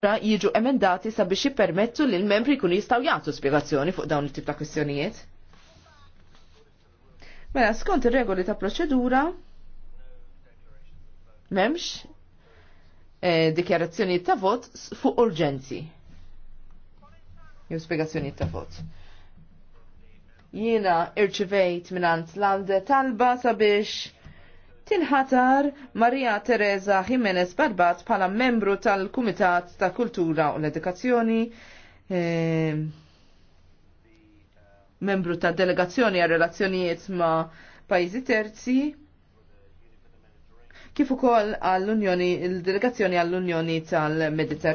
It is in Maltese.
jiġu emendati sabiex jippermettu li l-membri kun jistaw jagħtu spjegazzjoni fuq dawn it-tip ta' kwistjonijiet. Mela, skont ir-regoli ta' proċedura m'hemmx eh, dikjarazzjoni ta' vot fuq urġenzi. Jew spjegazzjoni ta' vot. Jiena irċivejt minant l-għalde talba sabiex Tilħatar Maria Teresa Jimenez Barbat bħala membru tal-Kumitat ta' Kultura u l-Edukazzjoni, eh, membru ta' delegazzjoni għal relazzjonijiet ma' pajjiżi terzi, kif ukoll għall-Unjoni, il-delegazzjoni għall-Unjoni tal-Mediterran.